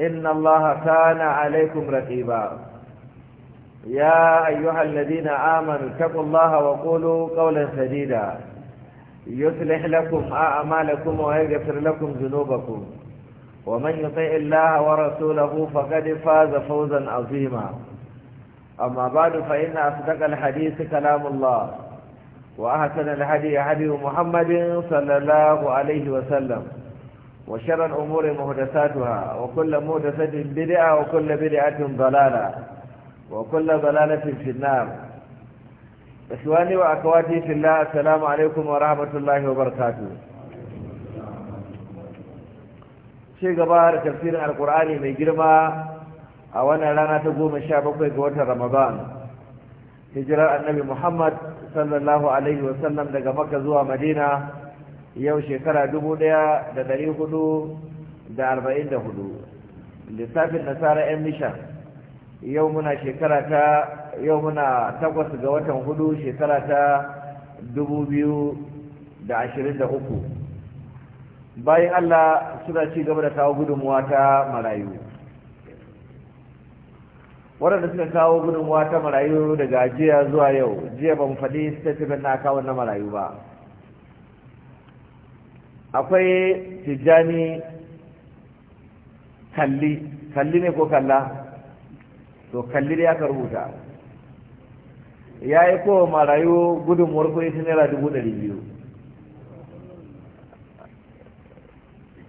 إن الله كان عليكم رقيبا يا أيها الذين آمنوا اتقوا الله وقولوا قولا سديدا يصلح لكم أعمالكم ويغفر لكم ذنوبكم ومن يطيع الله ورسوله فقد فاز فوزا عظيما أما بعد فإن أصدق الحديث كلام الله وأحسن الهدي هدي محمد صلى الله عليه وسلم Washeran Umar Murtala Satura wa kulla Murtala sadin bidi'a wa kulla Bili'atin Balala wa kulla Balala finfinna'ar. Da su wani wa akawati Shi gaba a da tafsirin Alƙur'ani mai girma a wannan rana ta goma sha bakwai ga watan Ramadan. Hijrar Annabi Muhammad sallallahu alaihi wa sallam, daga Makka zuwa Madina. yau shekara dubu ɗaya da dari hudu da arba'in da hudu lissafin nasara 'yan nishan yau muna shekara ta yau muna takwas ga watan hudu shekara ta dubu biyu da ashirin da uku bayan allah suna ci gaba da kawo gudunmuwa ta marayu waɗanda suka kawo gudunmuwa ta marayu daga jiya zuwa yau jiya ban faɗi statement na kawo na marayu ba akwai tijjani kalli kalli ne ko kalla to kalli da aka rubuta ya yi kowa marayu gudun kuɗi ta naira dubu ɗari biyu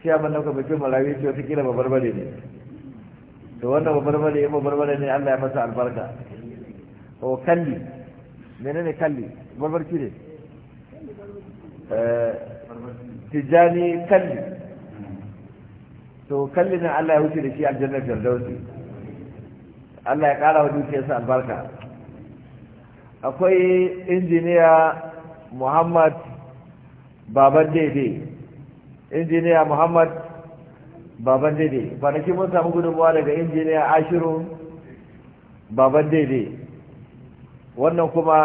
shi abin da kuma ce marayu ce wata kila babbar bane ne to wannan babbar bane ya babbar bane ne Allah ya masa albarka o kalli menene kalli babbar ne eh, tijjani kalli to kalli na Allah ya wuce da shi aljannar firdausi Allah ya ƙara wa dukiyarsa albarka akwai injiniya muhammad baban daidai injiniya muhammad baban daidai kwanaki mun samu gudunmuwa daga injiniya ashiru baban daidai wannan kuma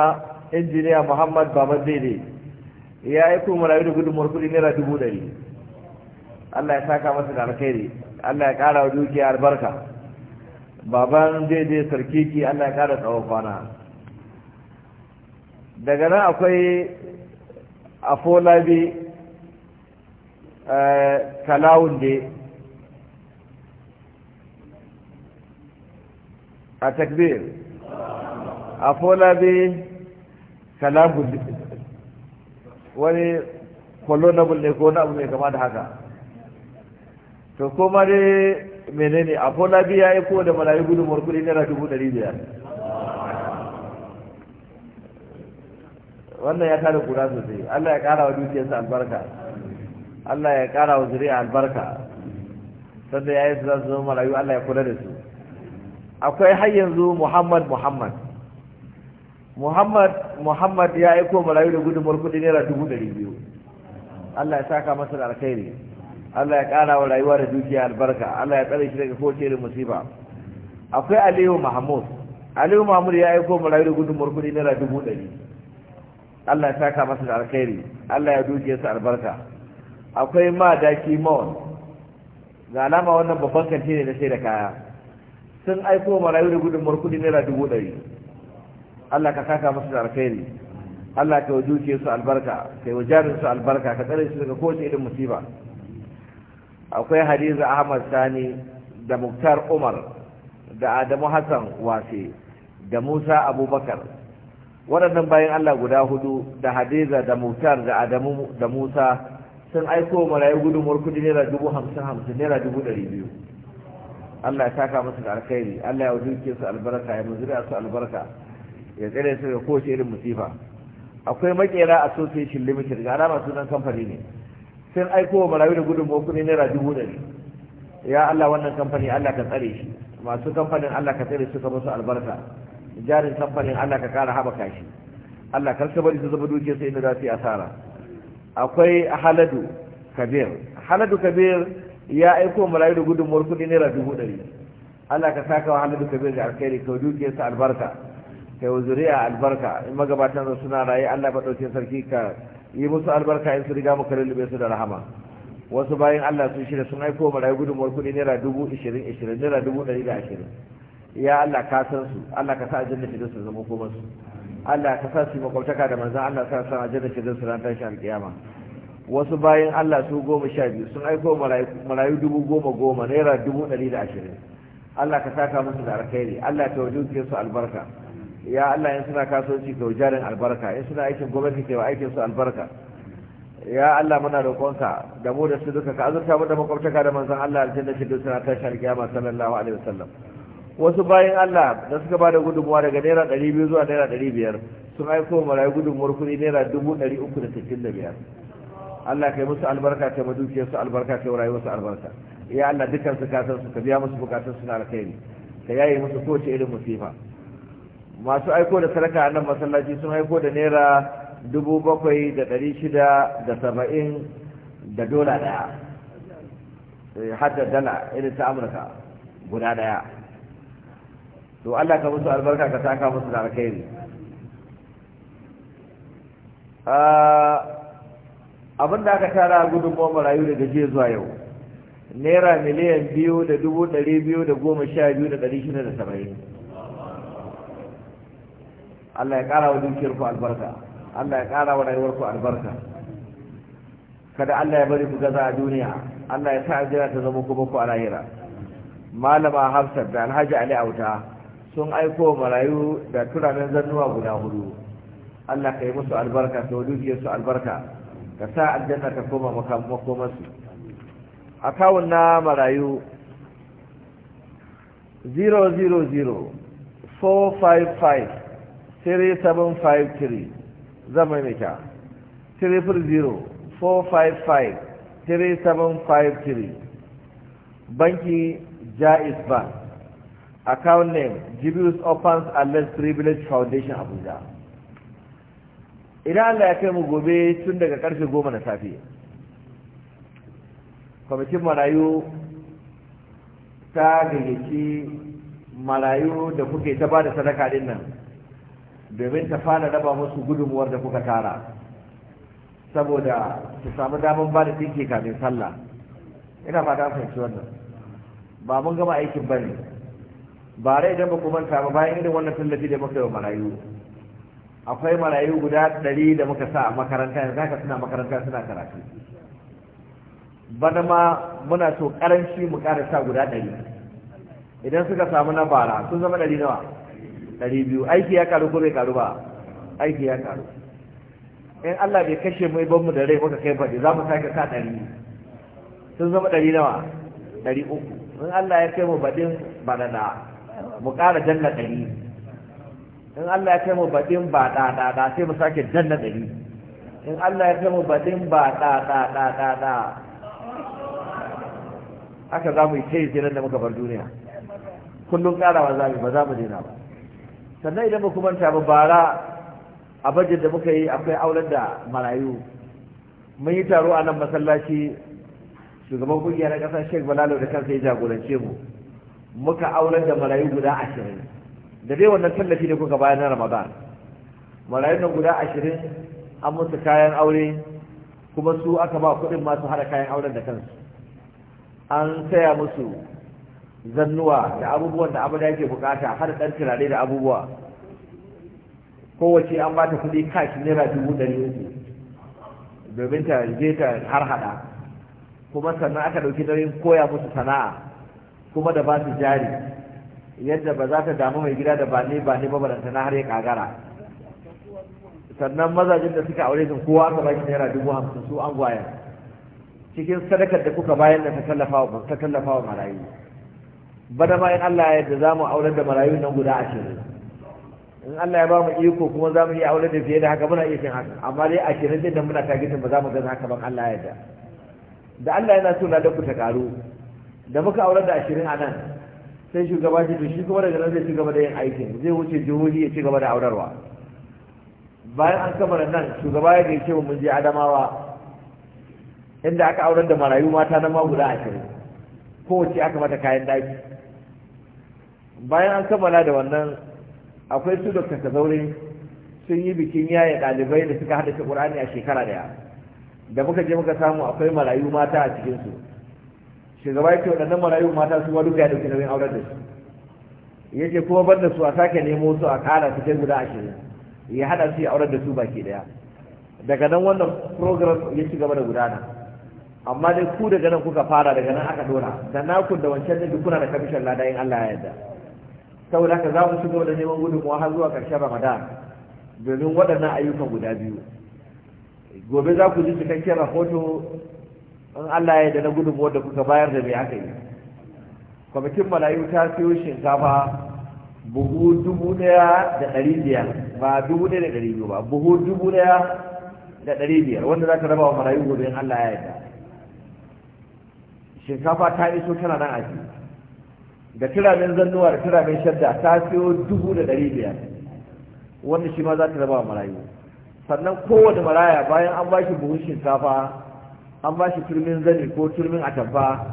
injiniya muhammad baban daidai ya kuma rayu da gudunmuwar kuɗi naira dubu ɗari Allah ya saka masa da alkhairi Allah ya ƙara wa dukiya albarka baban daidai sarkiki Allah ya ƙara tsawon kwana daga nan akwai afolabi eh, kalawunde a takbir afolabi kalawunde wani kwallo na bulle ko na abu mai kama da haka to kuma dai menene a biya ya yi ko da malayi gudunmuwar kudi na dubu ɗari biyar wannan ya tada kura sosai allah ya ƙara wa dukiyarsa albarka allah ya ƙara wa zuri'a albarka sanda ya yi su za su zama malayu allah ya kula da su akwai har yanzu muhammad muhammad muhammad muhammad ya aiko marayu da gudunmuwar kudi naira dubu ɗari biyu allah ya saka masa da alkhairi allah ya ƙara wa rayuwa da dukiya albarka allah ya tsare shi daga kowace irin musiba akwai aliyu mahmud aliyu mahmud ya aiko marayu da gudunmuwar kudi naira dubu ɗari allah ya saka masa da alkhairi allah ya dukiya sa albarka akwai madaki mawon ga alama wannan babban kanti ne na sai da kaya sun aiko marayu da gudunmuwar kudi naira dubu ɗari Allah ka saka musu da alkhairi Allah ka wujuke su albarka ka wajarin su albarka ka tsare su daga kowace irin musiba akwai hadiza Ahmad Sani da Muktar Umar da Adamu Hassan Wase da Musa Abubakar waɗannan bayan Allah guda hudu da hadiza da Muktar da Adamu da Musa sun aiko marayu gudunmuwar kudi naira dubu hamsin hamsin naira dubu ɗari biyu Allah ya saka musu da alkhairi Allah ya wujuke su albarka ya muzuri su albarka ya tsere su da kowace irin musifa akwai makera association limited ga alama sunan kamfani ne sun aiko wa marawi da gudunmawa kudi naira dubu ɗari ya allah wannan kamfani allah ka tsare shi masu kamfanin allah ka tsare suka musu albarka jarin kamfanin allah ka kara haɓaka shi allah kar ka bari su zama dukiyar sai inda za su yi asara akwai haladu kabir haladu kabir ya aiko wa marawi da gudunmuwar kudi naira dubu ɗari allah ka saka wa haladu kabir da alkhairi ka su albarka kai wa zuriya albarka in magabatan suna raye Allah maɗaukin sarki ka yi musu albarka in su riga muka lullube su da rahama wasu bayan Allah sun shirya sun aiko marayu gudunmuwar kuɗi naira dubu ishirin ishirin naira dubu ɗari da ashirin ya Allah ka san su Allah ka sa a aljanna shirin su zama kuma su Allah ka sa su makwabtaka da manzan Allah sa san aljanna shirin su ran tashi alƙiyama wasu bayan Allah su goma sha biyu sun aiko marayu dubu goma goma naira dubu ɗari da ashirin Allah ka saka musu da alkhairi Allah ta wajen su albarka ya Allah in suna kasuwanci ga jarin albarka in suna aikin gwamnati ke wa aikin su albarka ya Allah muna roƙonka da mu da su duka ka azurta mu da makwabtaka da manzon Allah aljanna shi duk suna tashi alƙiyama sallallahu alaihi wasallam wasu bayan Allah da suka bada gudunmuwa daga naira ɗari biyu zuwa naira ɗari biyar sun aiko marayu gudunmuwar kuɗi naira dubu ɗari uku da sittin da biyar Allah kai musu albarka kai madukiyar su albarka kai rayuwar su albarka ya Allah dukkan su ka su ka biya musu bukatun su na alkhairi ka yaye musu kowace irin musifa masu aiko da sadaka a nan masallaci sun aiko da naira dubu bakwai da ɗari shida da saba'in da dola ɗaya eh, har da dala irin ta amurka guda ɗaya to allah ka musu albarka ka taka musu da alkhairi ah, abin da aka tara gudunmuwa rayu daga jiya zuwa yau naira miliyan biyu da dubu ɗari biyu da goma sha biyu da ɗari shida da saba'in Allah ya ƙara wa dukiyarku albarka Allah ya ƙara wa rayuwarku albarka kada Allah ya bari ku gaza a duniya Allah ya sa ajira ta zama kuma ku a lahira malama Hafsat da Alhaji Ali Auta sun aiko marayu da turanen zannuwa guda hudu Allah ka yi musu albarka ta dukiyar su albarka ka sa aljanna ta koma makomarsu a kawun na marayu 000 455 3753 zama maimaita 300 3753 banki Jaiz bank account name jibius opens and less privilege foundation abuja idan allah ya kai mu gobe tun daga karfe goma na safe kwamitin marayu ta gayyaci marayu da kuke ta ba da sadaka din nan domin ta fara raba musu gudunmuwar da kuka tara saboda su samu damar ba da tinke kamin sallah ina ta fahimci wannan ba mun gama aikin ne ba rai idan ba kuma manta ba bayan irin wannan tallafi da muka yi wa marayu akwai marayu guda ɗari da muka sa a makaranta yanzu haka suna makaranta suna karatu bana ma muna so karanci mu ƙara sa guda ɗari idan suka samu na bara sun zama ɗari nawa ɗari biyu aiki ya karu ko bai karu ba aiki ya karu in Allah bai kashe mu ban da rai muka kai faɗi za mu sake sa ɗari sun zama ɗari nawa ɗari uku in Allah ya kai mu baɗin banana mu ƙara janna ɗari in Allah ya kai mu baɗin ba da, sai mu sake janna ɗari in Allah ya kai mu baɗin ba da, haka za mu yi kai sai nan da muka bar duniya kullum ƙarawa za mu ba za mu dina ba sannan idan muku manta ba bara a bajin da muka yi akwai auren da marayu mun yi taro a nan masallaci shugaban kungiya na ƙasar sheik balalo da kansa ya jagorance mu muka auren da marayu guda ashirin da dai wannan tallafi ne kuka bayan na ramadan marayu nan guda ashirin an musu kayan aure kuma su aka ba kuɗin masu haɗa kayan auren da kansu an saya musu zannuwa da abubuwan da da yake bukata har ɗan turare da abubuwa kowace an bata kuɗi kashi naira dubu ɗari uku domin ta je ta har hada kuma sannan aka ɗauki nauyin koya musu sana'a kuma da ba su jari yadda ba za ta damu mai gida da ba ne ba ne mabaranta na har ya kagara sannan mazajen da suka aure su kowa aka bashi naira dubu hamsin su an gwaya cikin sadakar da kuka bayan da ta tallafa wa marayu bana da in Allah ya yadda za mu aurar da marayu nan guda ashirin in Allah ya ba mu iko kuma za mu iya aurar da fiye da haka muna iya cin haka amma dai ashirin din nan muna targetin ba za mu gaza haka ban Allah ya yadda da Allah yana so na da ku ta karu da muka aurar da ashirin a nan sai shugaba shi to shi kuma daga nan zai ci gaba da yin aikin zai wuce jihohi ya ci gaba da aurarwa bayan an kammala nan shugaba ya gaishe mu mun je adamawa inda aka aurar da marayu mata na ma guda ashirin kowace aka mata kayan daki bayan an kammala da wannan akwai su dr kasazaure sun yi bikin yaye ɗalibai da suka haɗa kurani a shekara ɗaya da muka je muka samu akwai marayu mata a cikinsu shugaba ya ce waɗannan marayu mata su wani ya dauki nauyin auren da su ya ce kuma ban da su a sake nemo su a ƙara su kai guda ashirin ya haɗa su ya auren da su baki ɗaya daga nan wannan program ya ci gaba da gudana amma dai ku daga nan kuka fara daga nan aka dora da nakun da wancan da kuna da kamishin ladayin Allah ya yarda saboda haka za mu ci da neman gudunmuwa har zuwa ƙarshen ramadan domin waɗannan ayyukan guda biyu gobe za ku ji cikakken rahoto in allah ya da na gudunmuwa da kuka bayar da mai aka yi kwamitin malayu ta siyo shinkafa buhu dubu ɗaya da ɗari biyar ba dubu ɗaya da ɗari biyu ba buhu dubu ɗaya da ɗari biyar wanda za ta raba wa marayu gobe in allah ya yarda shinkafa ta iso tana nan a aji da turamin zannuwa da turamin shadda ta siyo dubu da ɗari biyar wannan shi ma za ta raba wa marayu sannan kowane maraya bayan an ba shi buhun shinkafa an ba shi turmin zani ko turmin atamfa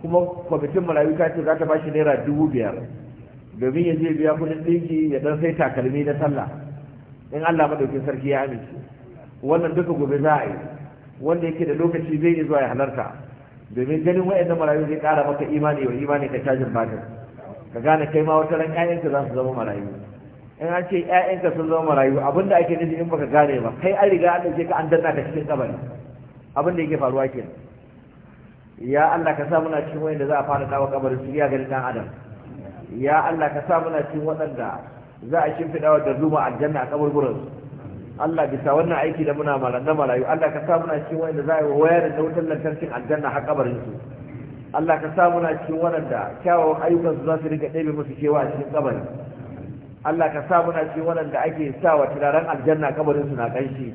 kuma kwamitin marayu ta ce za ta ba shi naira dubu biyar domin ya je biya kudin ɗinki ya dan sai takalmi na sallah in allah maɗaukin sarki ya amince wannan duka gobe za a yi wanda yake da lokaci zai iya zuwa ya halarta domin ganin wa'annan marayu zai kara maka imani wa imani ka cajin bakar ka gane kai ma wata ran ƴaƴanka za su zama marayu in an ce ƴaƴanka sun zama marayu abin da ake nufi in baka gane ba kai an riga an ɗauke ka an danna ka cikin kabari abin da yake faruwa ke ya Allah ka sa muna cikin da za a fara kawo kabarin su ya gani dan adam ya Allah ka sa muna cikin waɗanda za a shimfiɗa wa da zuma aljanna a su Allah bisa wannan aiki da muna na marayu Allah ka sa muna cikin wanda za a yi wa wayar da wutar lantarkin aljanna har kabarin su Allah ka sa muna cikin wanda kyawawan ayyukan su za su rika ɗebe musu kewa a cikin kabari Allah ka sa muna cikin wanda ake sa wa turaren aljanna kabarin su na kanshi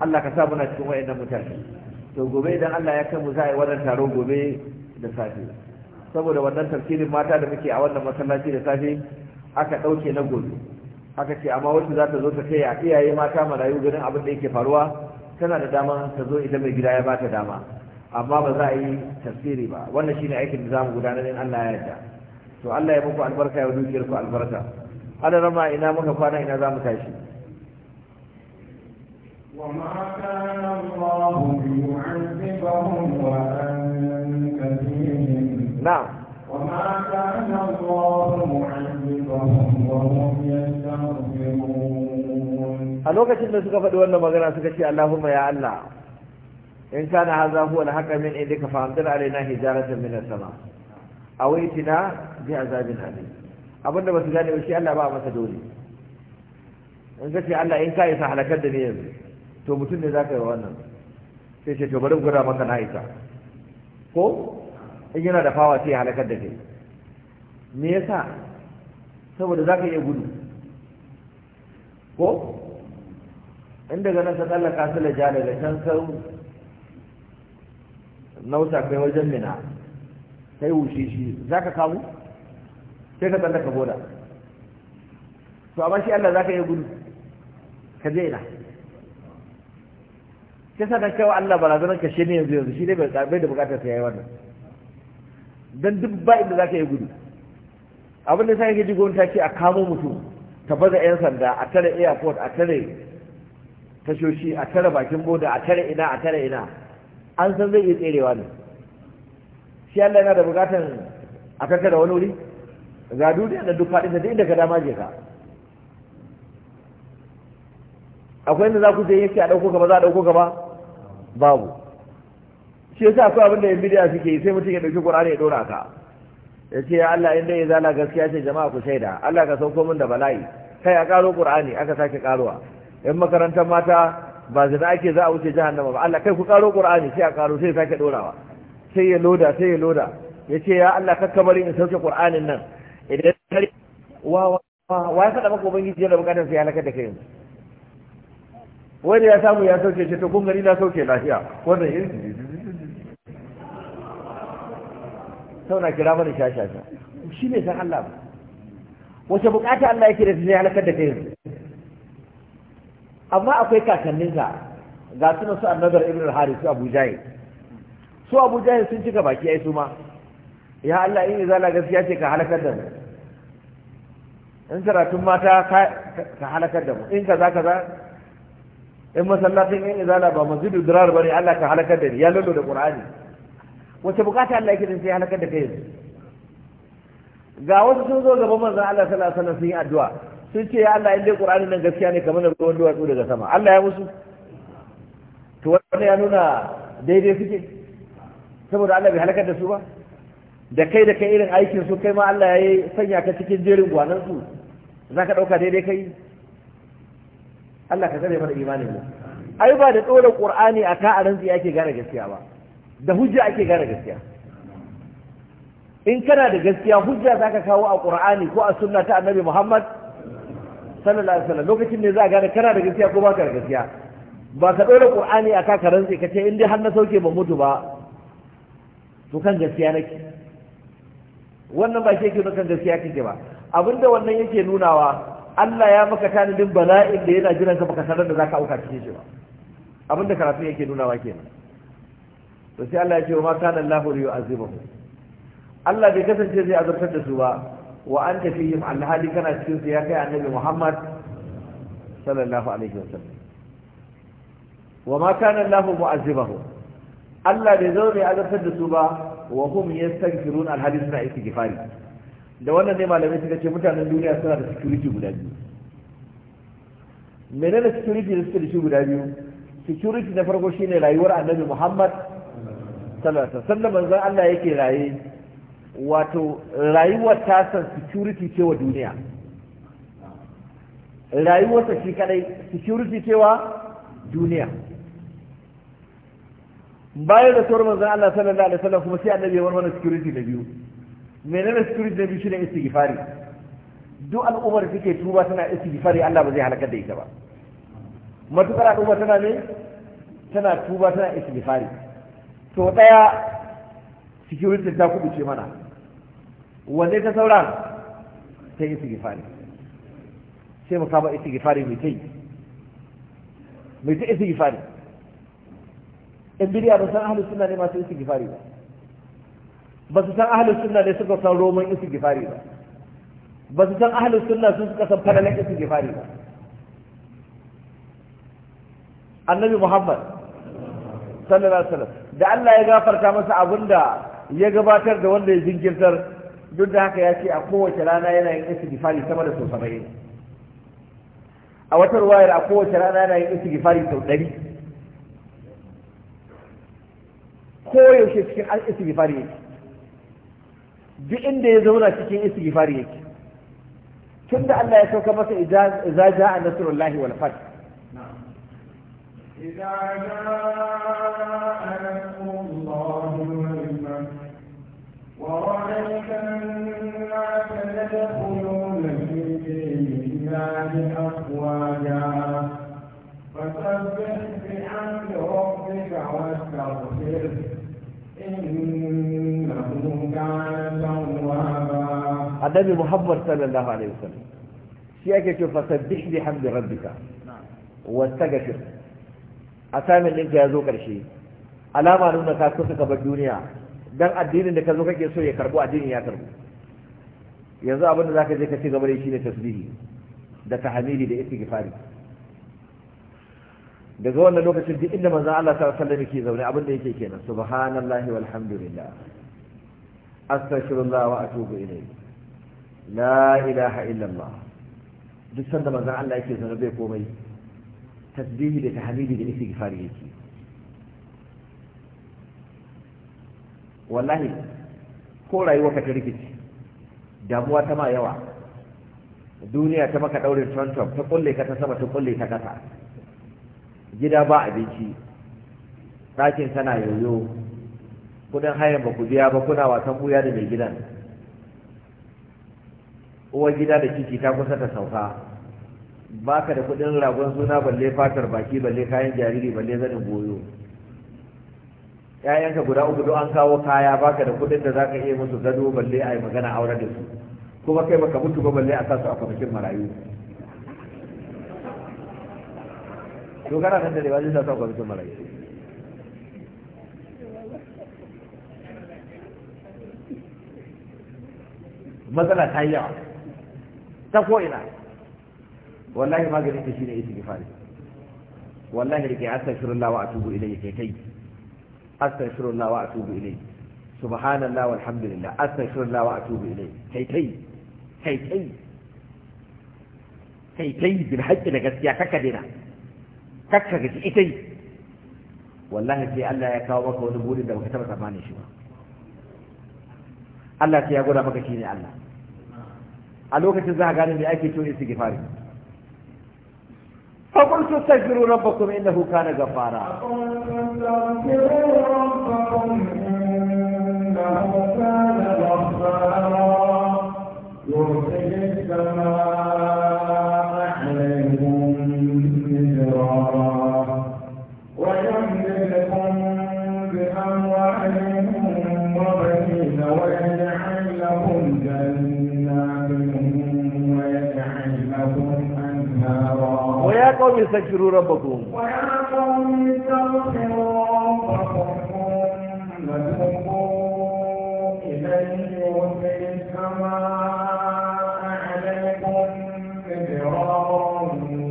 Allah ka sa muna cikin wayannan mutane to gobe idan Allah ya kai mu za a yi wannan taro gobe da safe saboda wannan tafsirin mata da muke a wannan masallaci da safe aka ɗauke na gobe aka ce amma wacce za ta zo ta taya iyaye mata marayu ganin abin da yake faruwa tana da dama ta zo idan mai gida ya ba ta dama amma ba za a yi tafsiri ba wannan shine aikin da zamu mu gudanar in Allah ya yarda to Allah ya muku albarka ya dukiyar ku albarka ana rama ina muka kwana ina za mu tashi وما كان الله ليعذبهم وأنت فيهم نعم وما كان a lokacin da suka faɗi wannan magana suka ce Allahumma ya Allah in kana hadha huwa haka haqqa min indika fa amtir alaina hijaratan min as-sama awaitina bi azabin alim abinda ba su gane ba shi Allah ba masa dole in ka ce Allah in ka isa halakar da ni yanzu to mutum ne zaka yi wannan sai ce to bari gura maka na'ita ko in yana da fawa sai halakar da kai me yasa saboda za ka iya gudu ko in daga nan ka tsallaka su da jari da can kan nausa kai wajen mina sai wuce shi za ka kamu sai ka tsallaka boda to amma shi Allah za ka iya gudu ka je ina sai sa dan Allah barazanar ka shi ne yanzu yanzu shi ne bai da bukatar ta yi wannan dan duk ba inda za ka iya gudu abin da sai ji gwamnati take a kamo mutum ta baza yan sanda a tare airport a tare tashoshi a tare bakin boda a tare ina a tare ina an san zai iya tserewa ne shi Allah yana da bukatan a kanka da wani wuri ga duniya da duk faɗin da inda ka dama je ka akwai inda za ku je yake a ɗauko ka ba za a ɗauko ka ba babu shi yasa akwai abin da yan bidiya suke yi sai mutum ya ɗauki ƙur'ani ya ɗora ka ya ce ya Allah inda ya zala gaskiya ce jama'a ku shaida Allah ka sauko min da bala'i kai a karo qur'ani aka sake karowa in makarantar mata ba zina ake za a wuce jahannama ba Allah kai ku karo qur'ani sai a karo sai sake dorawa sai ya loda sai ya loda ya ce ya Allah kakka bari in sauke qur'anin nan idan wa wa ya faɗa maka ubangiji yana bukatar sai halaka da kai yanzu ya samu ya sauke shi to kun gari na sauke lafiya wannan yin sauna kira mana shashasha shi ne san Allah ba wace bukata Allah yake da ta sai halakar da kai amma akwai kakanninsa ga sunan su annabar ibn al hari su abu jahil su abu jahil sun cika baki ai su ma ya Allah in izala gaskiya ce ka halakar da mu in karatun mata ka halakar da mu in kaza kaza in masallacin in izala ba mazidu dirar bane Allah ka halakar da ni ya lullu da qur'ani wace bukata Allah yake sai halakar da kai yanzu ga wasu sun zo gaban manzon Allah sallallahu alaihi wasallam sun yi addu'a sun ce ya Allah indai Qur'ani nan gaskiya ne kamar ruwan duwatsu daga sama Allah ya musu to wannan ya nuna daidai suke saboda Allah bai halakar da su ba da kai da kai irin aikin su kai ma Allah ya sanya ka cikin jerin gwanan su za ka ɗauka daidai kai Allah ka tsare mana imanin mu ai ba da tsoron ƙur'ani a ka a rantsi ake gane gaskiya ba da hujja ake gane gaskiya in kana da gaskiya hujja za ka kawo a ƙura'ani ko a sunna ta annabi muhammad sallallahu alaihi wasallam lokacin ne za a gane kana da gaskiya ko ba ka da gaskiya ba ka ɗora ƙura'ani a kaka rantsi ka ce in dai har na sauke ba mutu ba to kan gaskiya nake wannan ba ke nuna kan gaskiya kake ba abinda wannan yake nunawa Allah ya maka tanadin bala'in da yana jiran ka baka sanar da zaka auka cikin shi ba abinda karatu yake nunawa kenan to sai Allah ya ce wa ma kana Allahu yu'azibuhum Allah bai kasance zai azabtar da su ba wa anta fihim alhali kana cikin su ya kai annabi Muhammad sallallahu alaihi wasallam wa ma kana Allah mu'azibuhum Allah bai zo bai azabtar da su ba wa hum yastaghfirun alhali suna istighfari da wannan ne malamai suka ce mutanen duniya suna da security guda biyu menene security da suke da shi guda biyu security na farko shine rayuwar annabi Muhammad sallallahu sannan manzon Allah yake raye wato rayuwar san security ce wa duniya rayuwarsa shi kadai security ce wa duniya bayan da tsoron manzan Allah sallallahu alaihi wasallam kuma sai annabi ya warware security da biyu menene security da biyu shine istighfari duk al'ummar da take tuba tana istighfari Allah ba zai halakar da ita ba matukar al'umma tana ne tana tuba tana istighfari so ɗaya security ta ce mana wanne ta sauran ta yi sigifari sai mu kama sigifari mai ta yi mai ta sigifari in bidiya ba san ahalus suna ne masu sigifari ba ba su san ahalus suna ne suka san roman sigifari ba ba su san ahalus suna sun suka san falalan sigifari ba annabi muhammad sallallahu alaihi wasallam da Allah ya gafarta masa abin da ya gabatar da wanda ya jinkirtar duk da haka ya ce a kowace rana yana yin istighfari sama da sau saba'in a wata ruwayar a kowace rana yana yin istighfari sau ɗari Ko yaushe cikin istighfari yake duk inda ya zauna cikin istighfari yake tun da Allah ya sauka masa idza a nasrullahi wal fath إذا جاء الله ورأيت في فسبح بحمد ربك واستغفره إنه كان النبي محمد صلى الله عليه وسلم سيأكل فسبح بحمد ربك نعم واستغفره assignment ɗinka ya zo ƙarshe alama nuna ka so suka bar duniya dan addinin da ka zo kake so ya karbo addinin ya karbo yanzu abin da zaka je ka ci gaba da shi ne tasbihi da tahamili da istighfari daga wannan lokacin duk inda manzon Allah sallallahu alaihi wasallam yake zaune abin da yake kenan subhanallahi walhamdulillah astaghfirullah wa atubu ilayhi la ilaha illallah duk sanda manzon Allah yake zaune bai komai tasbihi da tahmidi da istighfar yake wallahi ko rayuwa ka ta rikici damuwa ta ma yawa duniya ta maka ɗaure tantam ta kulle ka ta sama ta kulle ta kasa gida ba abinci ɗakin tana yoyo kudin hayan ba ku biya ba kuna wasan buya da mai gidan uwar gida da kiki ta kusa ta sauka baka da kudin ragon suna balle fatar baki balle kayan jariri balle zanin goyo ƴaƴanka guda uku duk an kawo kaya baka da kudin da zaka iya musu gado balle ai magana aure da su kuma kai baka mutu ba balle a sa su a kwamitin marayu to kana nan da ne zai sa su a kwamitin marayu matsala ta yi yawa ta ko ina wallahi maganin ta shine fari, wallahi rike astaghfirullah wa atubu ilayhi kai kai astaghfirullah wa atubu ilayhi subhanallah walhamdulillah astaghfirullah wa atubu ilayhi kai kai kai kai kai kai bil haqqi da gaskiya kakka dina kakka gaji ita wallahi sai Allah ya kawo maka wani burin da baka taba tsammanin shi ba Allah sai ya gwada maka shine Allah a lokacin za ka gane me ake to istighfari فقلت استغفروا ربكم انه كان غفارا فقلت واستغفروا ربكم ويا قوم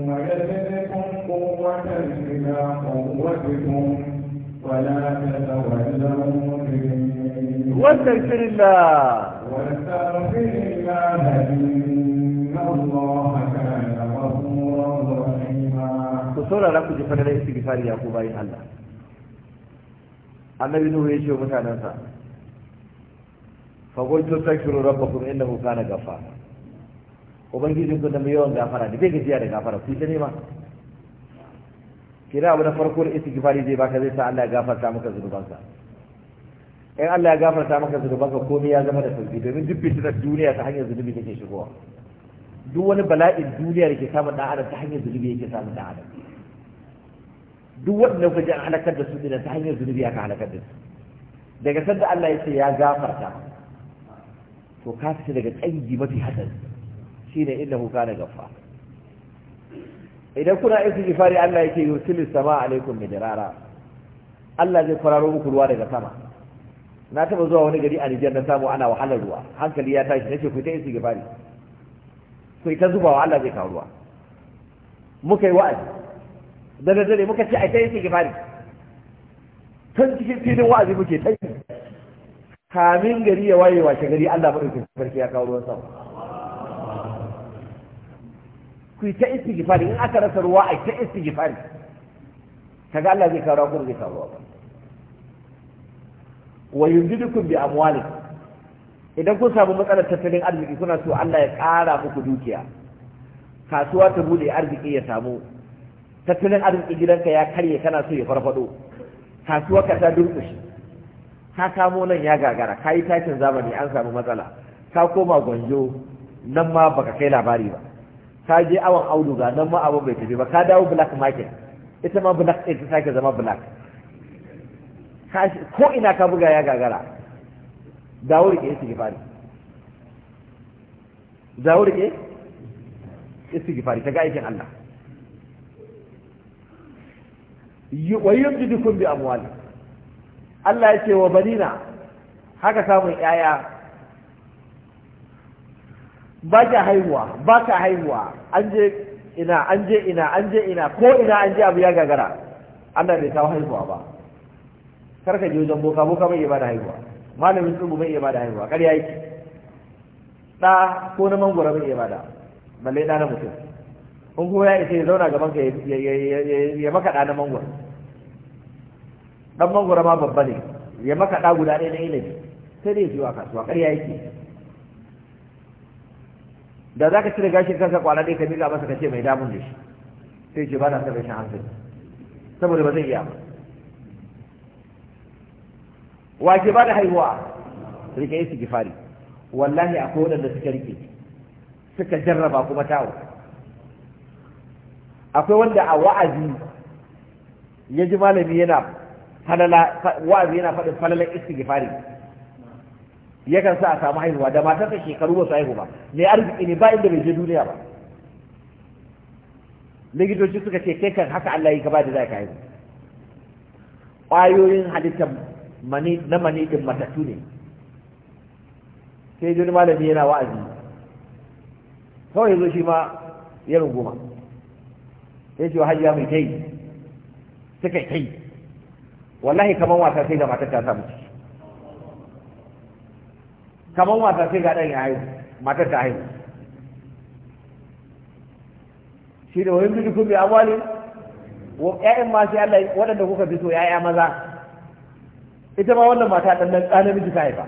ويزدكم قوة إلى قوتكم واستغفر الله واستغفر الله إن الله كان saurara ku ji fadalar istighfari ya ku bayin Allah annabi nuhu ya ce mutanensa fa qultu tastaghfiru rabbakum innahu kana ghaffara ubangijin ku da mai yawan gafara da bai gajiya da gafara ku ta nema kira abu na farko da istighfari zai baka zai sa Allah ya gafarta maka zunubanka in Allah ya gafarta maka zunubanka komai ya zama da sauki domin duk fitinar duniya ta hanyar zunubi take shigowa duk wani bala'in duniya da ke samun dan adam ta hanyar zunubi yake samun dan adam duk waɗanda kuka an halakar da su dinan ta hanyar zunubi aka halakar da su daga sanda Allah ya ce ya gafarta to ka fice daga tsangi mafi hadari shine kuka kana gafa. idan kuna istighfari Allah ya yake yusilu sama alaikum midrara Allah zai kwararo muku ruwa daga sama na taba zuwa wani gari a Nijar na samu ana wahalar ruwa hankali ya tashi nace ku ta istighfari ku ta zuba wa Allah zai kawo ruwa muka yi wa'azi da dare muka ce a ta yi gifari tun cikin filin wa'azi muke ta yi kamin gari ya waye wace gari Allah madaukakin sarki ya kawo ruwan sama ku yi ta gifari in aka rasa ruwa a ta ta ga Allah zai kawo ku zai kawo ruwan wa yundidukum bi amwali idan kun samu matsalar tattalin arziki kuna so Allah ya ƙara muku dukiya kasuwa ta bude arziki ya samu tattalin arziki gidanka ya karye kana so ya farfado kasuwar ka ta durkushe ka kamo nan ya gagara ka yi takin zamani an samu matsala ka koma gwanjo nan ma baka kai labari ba ka je awon auduga nan ma abin bai tafi ba ka dawo black market ita ma black ɗin ta sake zama black ko ina ka buga ya gagara dawo rike gifari dawo rike gifari ta ga aikin Allah wa yumdidukum bi amwali Allah ya ce wa banina haka samun yaya ba ka haihuwa ba ka haihuwa an je ina an je ina an je ina ko ina an je abu ya gagara Allah bai kawo haihuwa ba karka je wajen boka boka mai iya bada haihuwa malamin tsubu mai iya bada haihuwa kar yake da ko na mangwara mai iya bada balle da na mutum in kuma ya isa ya zauna gaban ka ya maka ɗa na mangwar ɗan mangwara ma babba ne ya maka ɗa guda ɗaya na ilimi sai dai zuwa kasuwa ƙarya yake da za ka cire gashin kansa kwana ɗaya ka miƙa masa ka ce mai damun da shi sai ce ba na sa rashin hankali saboda ba zai iya ba wa ke ba da haihuwa rike su gifari wallahi akwai waɗanda suka rike suka jarraba kuma tawo akwai wanda a wa'azi ya ji malami yana falala wa'azi yana faɗin falalar istighfari yakan sa a samu haihuwa da matarsa shekaru ba su haihu ba mai arziki ne ba inda bai je duniya ba likitoci suka ce kai kan haka Allah yi ka ba da za ka haihu ƙwayoyin halittar mani na mani din matattu ne sai jini malami yana wa'azi kawai zo shi ma ya goma. sai ce hajiya mai tai suka kai wallahi kaman wasa sai ga matar ta samu ciki kaman wasa sai ga ɗan ya haihu matar ta haihu shi da wani biyu kuma ya wale wa ƴaƴan ma sai Allah waɗanda kuka fi so ƴaƴa maza ita ma wannan mata ɗan ɗan namiji ta haifa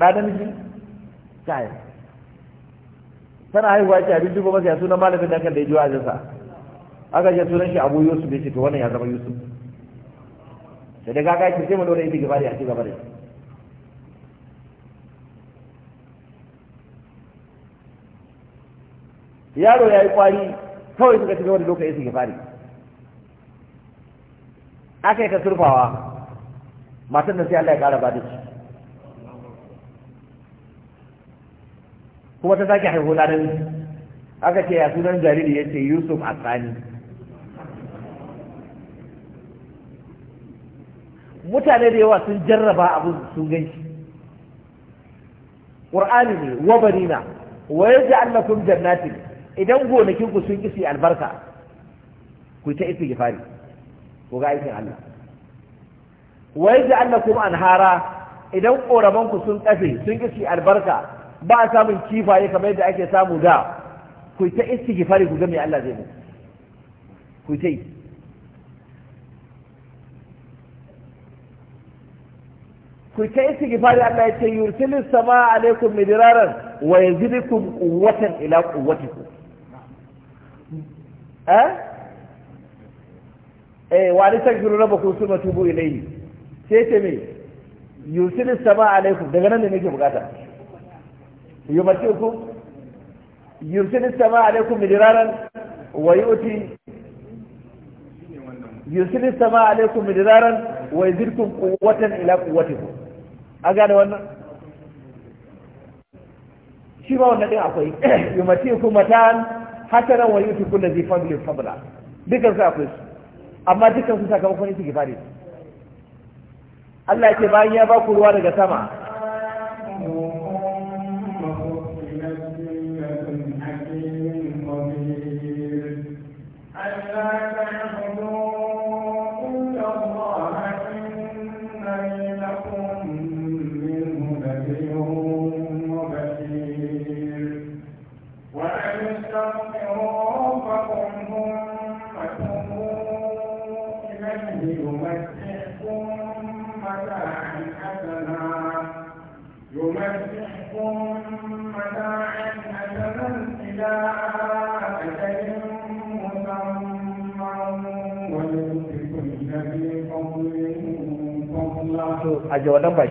ɗan namiji ta haifa tana haihuwa ce abin dubu masa ya suna malamin da kan da ya ji wa'azinsa aka ce sunan shi abu yusuf ya ce to wannan ya zama yusuf sai da gaga ce sai mu dole ita gaba da ya ce gaba da yaro ya yi kwari kawai suka ci gaba da lokacin su gifari aka yi ta surfawa matan da sai Allah ya kara ba da shi kuma ta sake haihu na nan aka ce ya sunan jariri ya ce yusuf a tsani mutane da yawa sun jarraba abu sun ganki. ƙur'ani ne wa barina wa ji allakum jannatin idan gonakinku sun isi albarka ku ta isi gifari ku ga aikin Allah wa yaji allakum anhara idan ƙoramanku sun ƙafe sun isi albarka ba a samun kifaye kamar yadda ake samu da ku ta istighfari ku ga me Allah zai muku ku ta yi ku ta istighfari Allah ya ce yursilu sama alaikum midraran wa yazidukum quwwatan ila quwwatikum eh eh wa litakfiru ku suma tubu ilayhi sai ce me yursilu sama alaikum daga nan ne nake bukata yumatikum yursilu sama alaikum midraran sama alaikum midraran wa yazidkum quwwatan ila quwwatikum a gane wannan shi ma wannan din akwai yumatikum matan hatara wa yu'ti kullu dhi fadlin fadla dukan su akwai su amma dukan su sakamakon istighfari Allah ya ce bayan ya ba ku ruwa daga sama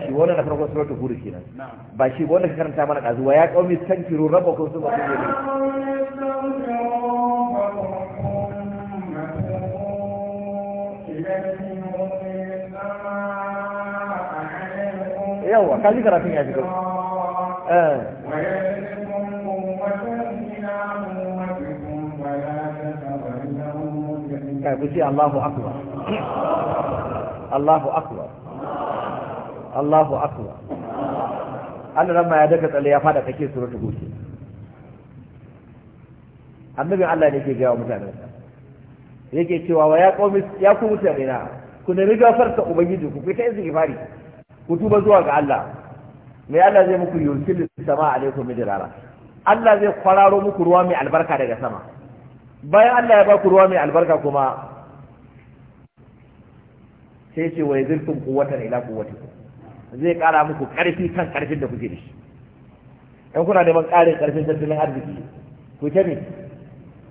shi wannan na farkon suratul hud kenan ba shi ba wanda ka karanta mana dazu wa ya qaumi tankiru rabbakum thumma tubu yawa karatun ya eh. kai ku ce Allahu akbar Allahu akbar Allahu akbar Allah ramma ya daka tsalle ya fada kake suratu goce annabi Allah ne ke gaya mutanen yake cewa wa ya qaumi ya ku mutane na ku nemi gafarta ubangiji ku ku ta istighfari ku tuba zuwa ga Allah mai Allah zai muku yursil sama alaikum midrara Allah zai kwararo muku ruwa mai albarka daga sama bayan Allah ya ba ku ruwa mai albarka kuma sai ce wa yazilkum quwwatan ila quwwatikum zai kara muku karfi kan karfin da kuke da shi in kuna neman karin karfin tattalin arziki ku ta ne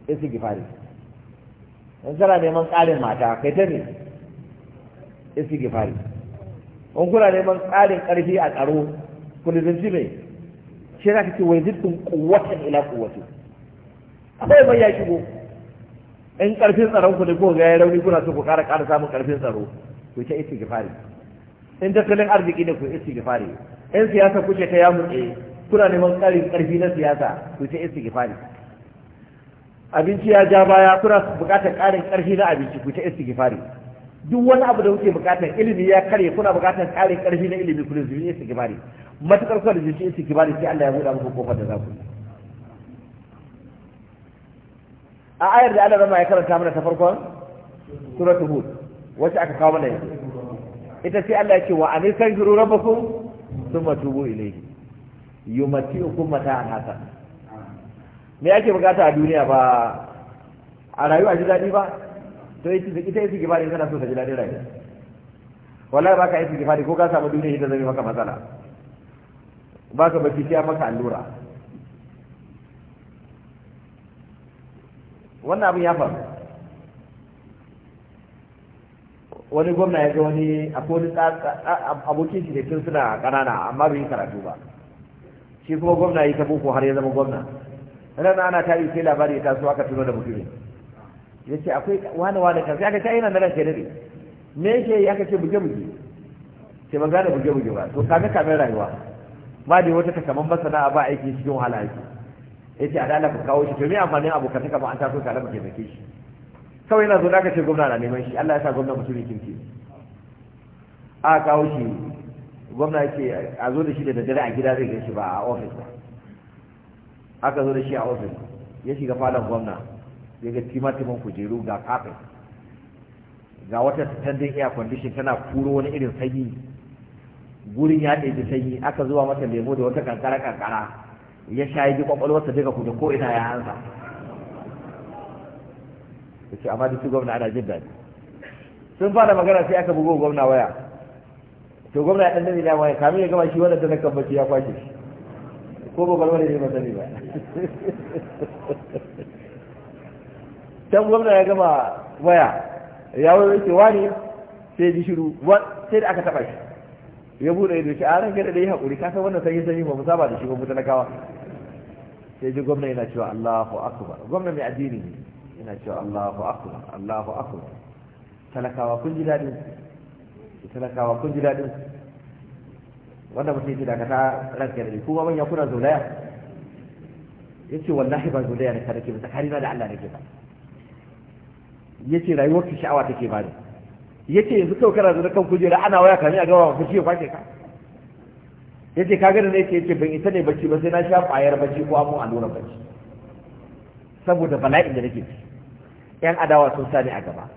me su gifari in kuna neman karin mata kai ta me su gifari in kuna neman karin karfi a tsaro ku zanci mai shi za ka ce wai zidkun kuwatan ila kuwatu akwai mai ya shigo in karfin tsaron ku ne ko ga ya rauni kuna so ku kara kara samun karfin tsaro ku ta isi gifari in tattalin arziki ne ku istighfari in siyasa kuke ta yamu eh kuna neman ƙarin ƙarfi na siyasa ku ta istighfari abinci ya ja baya kuna buƙatar ƙarin ƙarfi na abinci ku ta istighfari duk wani abu da kuke buƙatar ilimi ya karye kuna buƙatar ƙarin ƙarfi na ilimi ku zuci istighfari matakar kuna zuci istighfari sai Allah ya buɗe muku kofar da za ku a ayar da Allah ya karanta mana ta farkon suratul hud wacce aka kawo mana yanzu ita sai Allah ce wa anisan tanfiru rabbakum thumma tubu ilayhi yumatiukum mata'an hasan me ake bukata a duniya ba a rayuwa ji daɗi ba to ita ki bari kana so ta ji dadi rayuwa wallahi ba ka ki bari ko ka samu duniya ita zai maka matsala ba ka bacci maka allura wannan abin ya faru wani gwamna ya ga wani akwai abokin shi da kin suna ƙanana amma bai yi karatu ba shi kuma gwamna yi ta boko har ya zama gwamna na ana ta yi sai labari ya taso aka tuno da mutumin ya ce akwai wani wani kan sai aka ta ina na ranke ne, me yake ya kace buge buge ce ban gane buge buge ba to kaga kamar rayuwa ba da wata ta kaman masana ba aiki cikin wahala yake yace a dala kawo shi to me amfanin abokantaka ba an taso ka lafa ke shi kawai yana zo da aka ce gwamna na neman shi Allah ya sa gwamna mutumin kirki a kawo shi gwamna ce a zo da shi da daddare a gida zai gan shi ba a ofis ba aka zo da shi a ofis ya shiga falon gwamna ya ga timatimin kujeru ga kafin ga wata standing air condition tana kuro wani irin sanyi gurin ya ɗaiɗi sanyi aka zuwa masa lemo da wata kankara kankara ya sha ya ji kwakwalwarsa daga kuda ko ina ya hansa da ce amma duk gwamna ana jin daɗi sun fara magana sai aka bugo gwamna waya to gwamna ya ɗanɗani ina waya kamin ya gama shi wanda da kan bacci ya kwashe shi ko ba gwamna ne ba sani ba can gwamna ya gama waya ya wani ce wani sai ji shiru sai da aka taɓa shi ya buɗe ido shi a ran gada da yi haƙuri ka san wannan sanyi sanyi ba mu saba da shi ba mu talakawa sai ji gwamna yana cewa Allahu akbar gwamna mai addini ne ina cewa Allahu akbar Allahu akbar talakawa kun ji dadin talakawa kun ji dadin wanda mutum yake daga ta ranka da kuma manya kuna zolaya yace wallahi ba zolaya ne kada ke ba na da Allah nake ba yace rayuwar ki sha'awa take ba ne yace yanzu kawai kana zo kan kujera ana waya kani a gawa ku ce ke ka yace ka ga da ne yace ban ita ne bacci ba sai na sha bayar bacci ko amun allurar bacci saboda bala'in da nake ciki yan adawa sun sani a gaba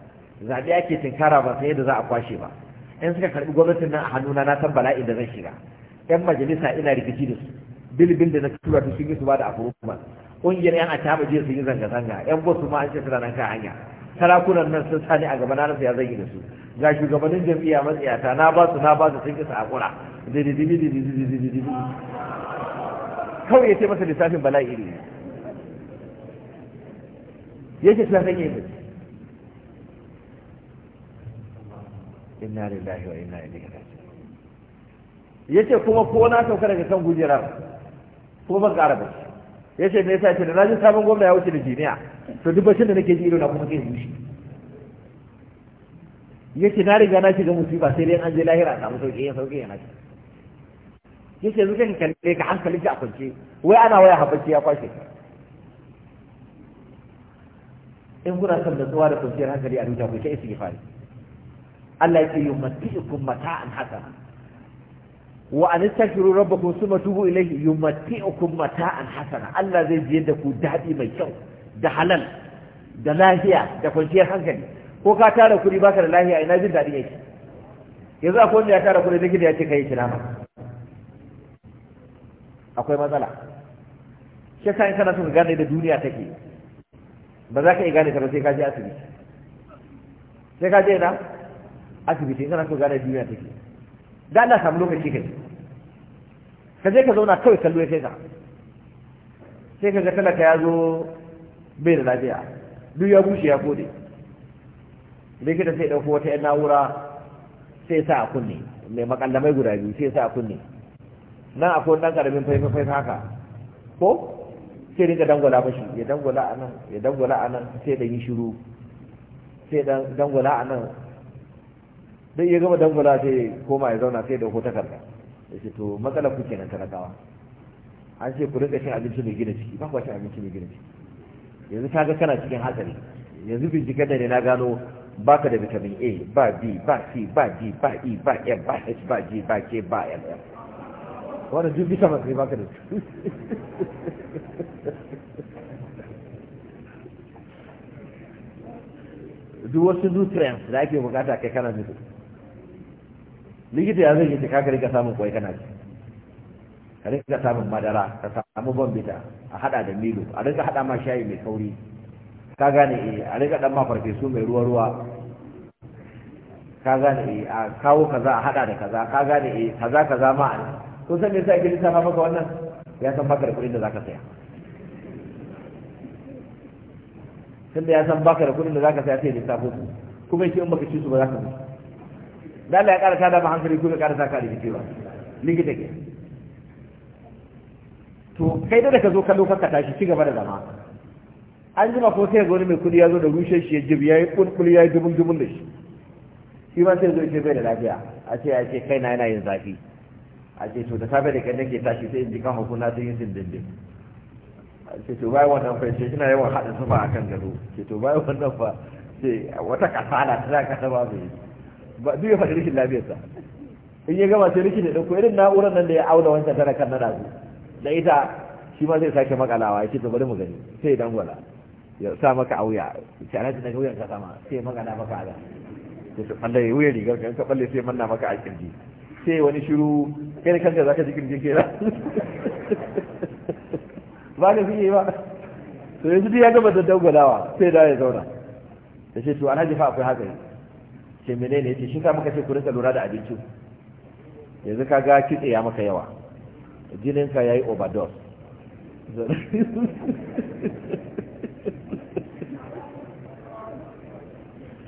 zaɓe ake tinkara ba sai yadda za a kwashe ba Yan suka karɓi gwamnatin nan a hannuna na san bala'in da zan shiga yan majalisa ina rikici da su bilbil da na tura su sun yi su ba da afuruma ƙungiyar yan a ataba jiya sun yi zanga-zanga yan bosu ma an ce suna nan kan hanya sarakunan nan sun sani a gaba na rasa ya zagi da su ga shugabannin jam'iyya matsiyata, na ba su na ba su sun kisa hakura kawai ya ce masa lissafin bala'i ne yake suna sanya yin bacci da lillahi wa inna ilaihi raji'un yace kuma ko na sauka daga kan gujerar ko ban ƙara bacci yace me yasa yace da na ji sabon gwamna ya wuce da jiniya to duk bacin da nake ji ido na kuma kai zuci yace na riga na shiga musiba sai dai an je lahira samu sauki ya sauki yana ce yace zuka ka kalle ka hankali ka kwance wai ana waya habacci ya kwashe in kuna son da tsuwa da kwanciyar hankali a duniya ku ta istighfari Allah yake mata an haka wa an tastaghfiru rabbakum thumma tubu ilayhi mata an haka Allah zai ji da ku dadi mai kyau da halal da lafiya da kwanciyar hankali ko ka tara kuɗi baka da lafiya ina jin dadi yake yanzu akwai wanda ya tara kuɗi da ya ce kai kira ma akwai matsala shi yasa in kana son gane da duniya take ba za ka iya gane ta ba sai ka je asibiti sai ka je na asibiti kana so gane duniya take da Allah samu lokaci kai ka je ka zauna kawai kallo ya kai ka sai ka ga talaka ya zo bai da lafiya duk ya bushe ya kode likita sai ɗauko wata 'yan na'ura sai sa a kunne mai makallamai guda biyu sai sa a kunne nan akwai ɗan ƙaramin faifafai haka ko sai rinka dangwala mashi ya dangwala a nan ya dangwala a nan sai da yi shiru sai dan dangwala a nan dai ya gama dangwala sai koma ya zauna sai da hota karka ya ce to matsala ku kenan talakawa an ce ku rinka cin abinci mai gina ciki ba ku cin abinci mai gina ciki yanzu ka ga kana cikin hatsari yanzu bincike da ne na gano baka da vitamin A ba B ba C ba D ba E ba F ba H ba G ba K ba L wanda duk bisa ba sai baka da su duk wasu nutrients da ake bukata kai kana nufi likita ya zai yi ka rika samun kwai kana ci ka rika samun madara ka samu bambita a hada da milo a rika hada ma shayi mai sauri. ka gane eh a rika dan ma farfesu mai ruwa ruwa ka gane eh a kawo kaza a hada da kaza ka gane eh kaza kaza ma to san me yasa yake lissafa maka wannan ya san baka da kuɗin da zaka saya da ya san baka da kuɗin da zaka saya sai lissafo su kuma yake in baka ci su ba za ka mutu da Allah ya ƙara tada ma hankali ko ya ƙara saka da cewa likita ke to kai da ka zo kallo ka tashi ci gaba da zama an jima ko sai ga wani mai kudi ya zo da rushe shi ya jibi ya yi kulkul ya yi dubun dubun da shi shi ma sai zo ya ce bai da lafiya a ce ya ce kai na yana yin zafi a ce to da safe da kan nake tashi sai in ji kan hukuna sun yi a ce to bayan wannan fa ce kina yawan haɗa zufa a kan gado ce to bayan wannan fa ce wata kasala ta za ta ba mai ba duk ya faɗi rikin lafiyarsa in ya gama sai rikin ya ɗauko irin na'urar nan da ya auna wancan tana kan nana su da ita shi ma zai sake makalawa ya ce to bari mu gani sai dangwala ya sa maka a wuya ce ana daga wuyan ka sama sai ya makala maka a da ya ce ɓalle wuyan rigar ka in ka ɓalle sai manna maka a kirji sai wani shiru kai ne kanka zaka ji kirje kenan ba ne fiye ba to yanzu ya gaba da dangwalawa sai da ya zauna ta ce to alhaji fa akwai haka ce menene ya ce shi ka maka ce ku rinka lura da abincin yanzu ka ga kitse ya maka yawa jininka ya yi overdose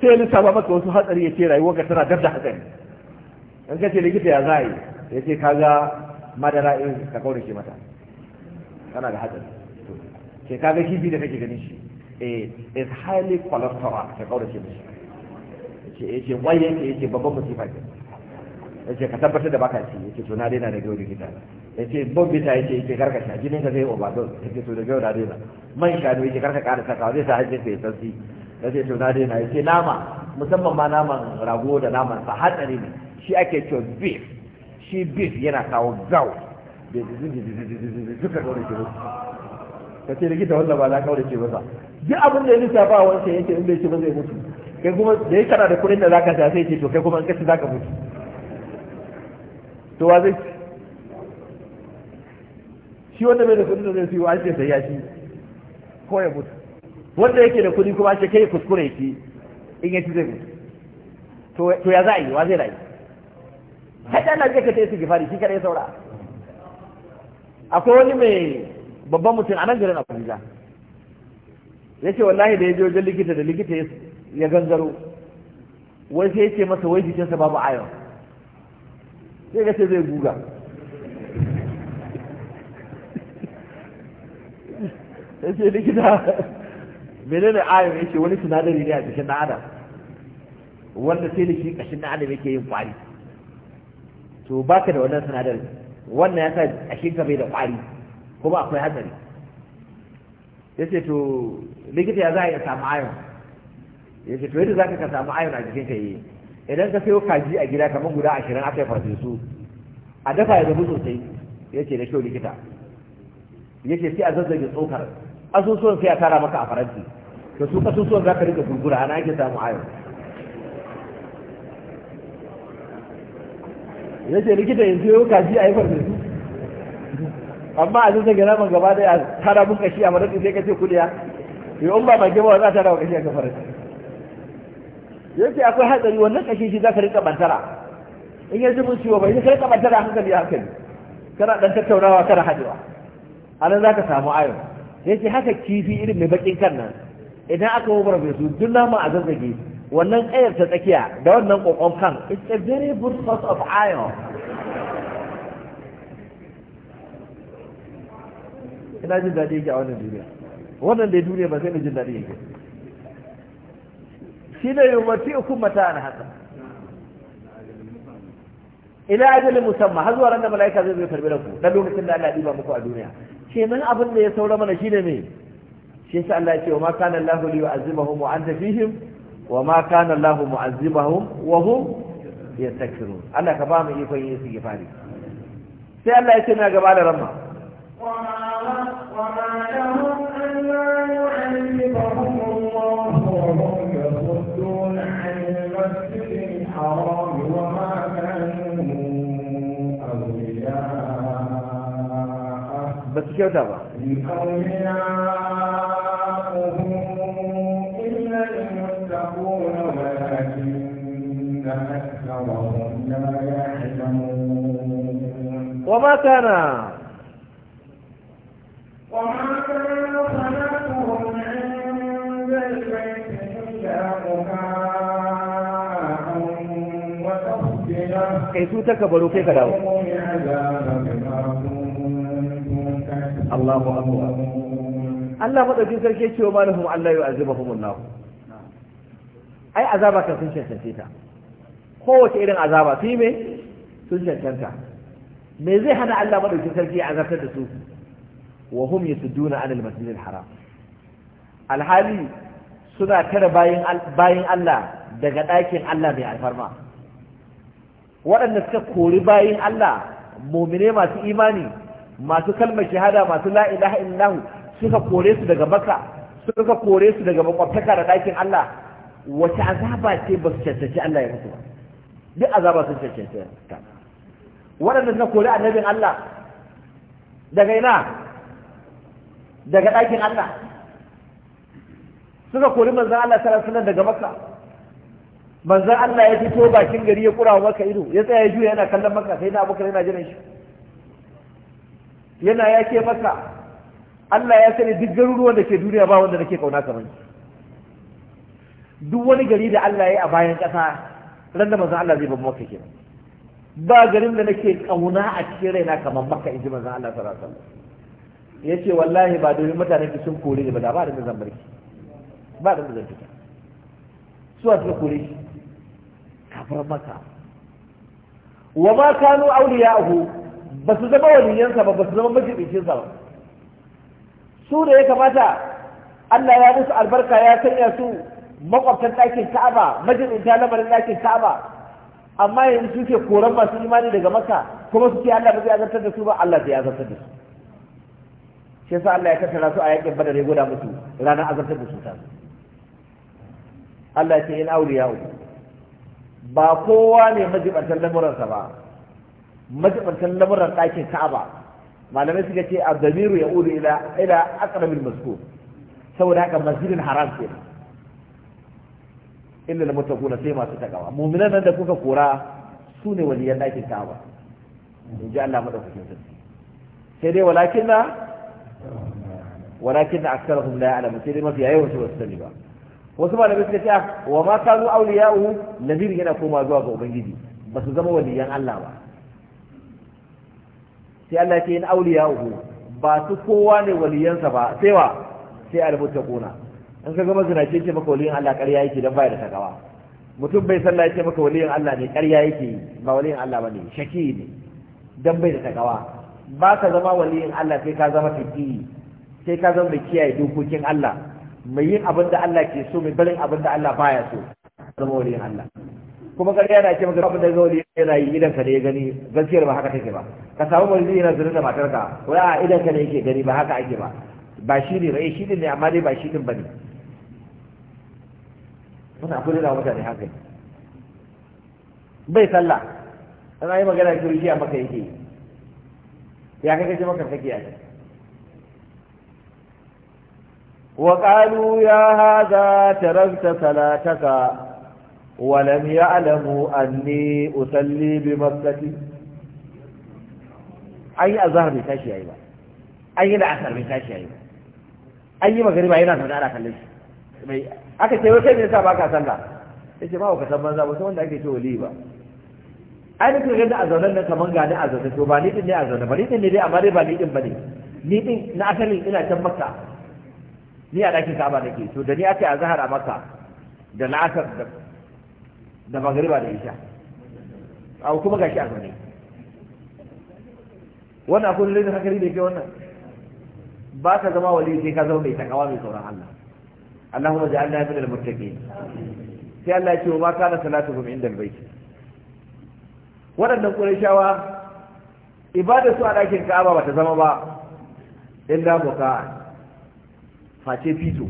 sai ya lissafa maka wasu hatsari ya ce ka tana dab da hatsari an kace likita ya za a yi ya ce kaga madara in ka kaurace mata tana da hatsari ce kaga kifi da kake ganin shi eh, is highly cholesterol ka kaurace mishi eh, ce ya ce kwaye ya ce babban musifa ce ya ce ka tabbatar da baka ci ya ce to na daina da gawar gida ya ce bombita ya ce ya ce a jinin ka zai don ya ce to da gaurin daina man shanu ya ce karka kara sakawa zai sa hajjin ka ya sassi ya ce to na daina ya ce nama musamman ma naman rago da naman sa hatsari ne shi ake cewa beef shi beef yana kawo gaw da duka kawo da ke musu ka ce gita wanda ba za kawo da ke masa duk abin da ya lissafa wancan yake in bai ce ba zai mutu kai kuma da ya kana da kudin da ka sa sai ce to kai kuma in za ka mutu to wa zai shi wanda bai da kudin da zai siyo an ce sai ya ci ko ya mutu wanda yake da kudi kuma ce kai kuskure ki in ya ci zai mutu to ya za a yi wa zai rayu kai dan na ka tayi su gifari shi kadai saura akwai wani mai babban mutum a nan garin Abuja yace wallahi da ya je wajen likita da likita ya gangaro wai sai ya ce masa wai jikinsa babu ayon sai ga sai zai guga yace likita menene ayon yace wani sinadari ne a jikin na adam wanda sai da shi kashin na adam yake yin kwari to ba ka da wannan sinadarin wannan ya sa a shinka bai da ƙwari kuma akwai hatsari ya ce to likita ya za a iya samu ayon ya ce to yadda za ka samu ayon a jikin ka yi idan ka sayo kaji a gida kamar guda ashirin aka yi farfe su a dafa ya zabu sosai ya ce da kyau likita ya ce sai a zazzage tsokar asusuwan sai a tara maka a faranti To su asusuwan za ka rika gurgura ana ake samu ayon ya ce likita yanzu yau kaji a yi su amma a zai naman gaba da ya tara mun kashi a madadin sai ka ce kudiya yau in ba mai wa za ta tara kashi a kafar ya ce akwai hatsari wannan kashi shi za ka rika bantara in yanzu mun ciwo bai ka rika bantara hankali hankali kana dan tattaunawa kana hadewa a nan za ka samu ayon ya ce haka kifi irin mai bakin kan nan idan aka wobar bai su duk nama a zazzage wannan ƙayar ta tsakiya da wannan ƙoƙon kan it's a very good source of iron ina jin daɗi yake a wannan duniya wannan dai duniya ba sai na jin daɗi yake shi ne yi mafi hukun mata na haka ina ajalin musamman har zuwa ranar mala'ika zai zai karbi da ku na lokacin da Allah ya ɗiba muku a duniya nan abin da ya saura mana ne mai shi sa Allah ya ce wa ma kana Allahu liyu yu'azzibahum wa anta fihim وما كان الله معذبهم وهم يستكبرون الله كبام يكون يستغفاري سي الله يتنا غبا ده رما وما وما لهم الا يعذبهم الله وهم يصدون عن المسجد الحرام وما كانوا بس كده بقى إلا وما كان وما كان صلاتهم عند البيت إلا وتفجيرا حيث تكبروا في كذا الله أكبر Allah maɗauki sarki cewa malahum Allah yi azabahum Allah. Ai azaba ka sun shi ta. kowace irin azaba su yi mai sun cancanta me zai hana Allah maɗauki sarki a zartar da su wa hum yasudduna anil masjidil haram alhali suna tare bayin Allah daga ɗakin Allah mai alfarma waɗanda suka kori bayin Allah mumine masu imani masu kalmar shahada masu la ilaha illahu suka kore su daga maka suka kore su daga makwabtaka da ɗakin Allah wace azaba ce ba su cancanci Allah ya mutu ba duk azaba sun cancanta ta waɗanda na kori annabin Allah daga ina daga ɗakin Allah suka kori manzan Allah sallallahu alaihi daga Makka manzan Allah ya fito bakin gari ya kura maka ido ya tsaya ya juya yana kallon Makka sai na abokan yana jiran shi yana yake maka Allah ya sani duk garuruwan da ke duniya ba wanda nake kauna kamar duk wani gari da Allah ya yi a bayan ƙasa ran da manzo Allah zai ba maka kenan ba garin da nake kauna a cikin raina kamar maka inji manzo Allah sallallahu alaihi wasallam yace wallahi ba domin mutanen ki sun kore ni ba da ba da zan barki ba da zan fita su a kore shi kafar maka wa ma kanu awliya'uhu ba su zama waliyansa ba ba su zama majibincinsa ba su da ya kamata Allah ya musu albarka ya sanya su makwabtan ɗakin ka'aba majalisa lamarin ɗakin ka'aba amma yanzu suke koran masu imani daga maka kuma suke Allah ba zai azartar da su ba Allah zai azartar da su shi yasa Allah ya kattara su a yakin badar ya goda musu ranar azartar da su ta Allah ce in auliya'u ba kowa ne majibantar lamuransa ba majibantar lamuran ɗakin ka'aba malamai suka ce a zamiru ya uri ila ila akrabil masku saboda haka masjidin haram kenan illa mutakuna sai masu takawa mu'minan nan da kuka kora su ne waliyan ɗakin Ka'aba in ji Allah madaukakin sarki sai dai walakin na walakin na aksarahum la ya'lamu sai dai mafi yawan su ba sani ba wasu malamai suka ce ah, wa ma kanu awliya'u nadir yana koma zuwa ga ubangiji ba su zama waliyan Allah ba sai Allah ke yin awliya'u ba su kowa ne waliyansa ba sai wa sai al-muttaquna in ka gama zinace ce maka waliyin Allah ƙarya yake dan baya da takawa mutum bai ya ce maka waliyin Allah ne ƙarya yake ba waliyin Allah bane shaki ne dan bai da takawa ba ka zama waliyin Allah sai ka zama tafi sai ka zama mai kiyaye dokokin Allah mai yin abin da Allah ke so mai barin abin da Allah baya so zama waliyin Allah kuma ƙarya na ce magana da zauli yana yi idan ka ne gani gaskiyar ba haka take ba ka samu wani yana zuru da matarka wai a idan ka ne yake gani ba haka ake ba ba shi ne ba eh shi ne amma dai ba shi din bane muna kuli da mutane hankali bai sallah ana yi magana ki a maka yake yi ya kai kace maka kake yi wa qalu ya hadha tarakta salataka wa lam ya'lamu anni usalli bi makkati ai azhar bai tashi yayi ba ai da asar bai tashi yayi ba ai magariba yana da ana kallon shi aka ce wai kai me yasa ka sanda Ya ce ba wa kasar banza ba wanda ake ce wali ba ai nufin kuka a zaunar nan kamar gani a zaune, to ba ni din ne zaune ba ni din ne dai amma dai ba ni din ne, ni din na asalin ina can maka, ni a ɗakin kaba nake to da ni a ce a zahar a maka, da la'asar da da magariba da isha a kuma gashi a zaune wannan akwai da hankali da ke wannan ba ka zama wali sai ka zaune mai takawa mai tsoron Allah Allahumma ja'alna min al-muttaqin sai Allah ya ce wa ma kana salatuhum inda al-bayt waɗannan qurayshawa ibada su a ɗakin Ka'aba bata zama ba illa buka face fito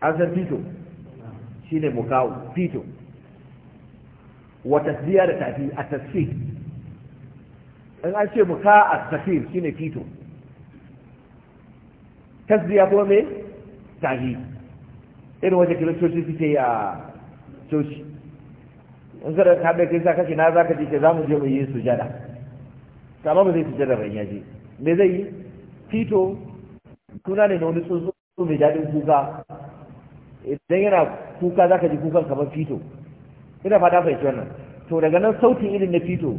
an san fito shine bukawu fito wa tasdiya da tafi a in an a shine fito ko mai tafi irin wajen kiristoci suke yi a coci in kada ka bai kai sa na zaka je ce za mu je mu yi sujada amma ba zai sujada ban ya je me zai yi fito tuna ne na wani tsuntsu mai daɗin kuka idan yana kuka za ka ji kukan kamar fito ina fata fahimci wannan to daga nan sautin irin na fito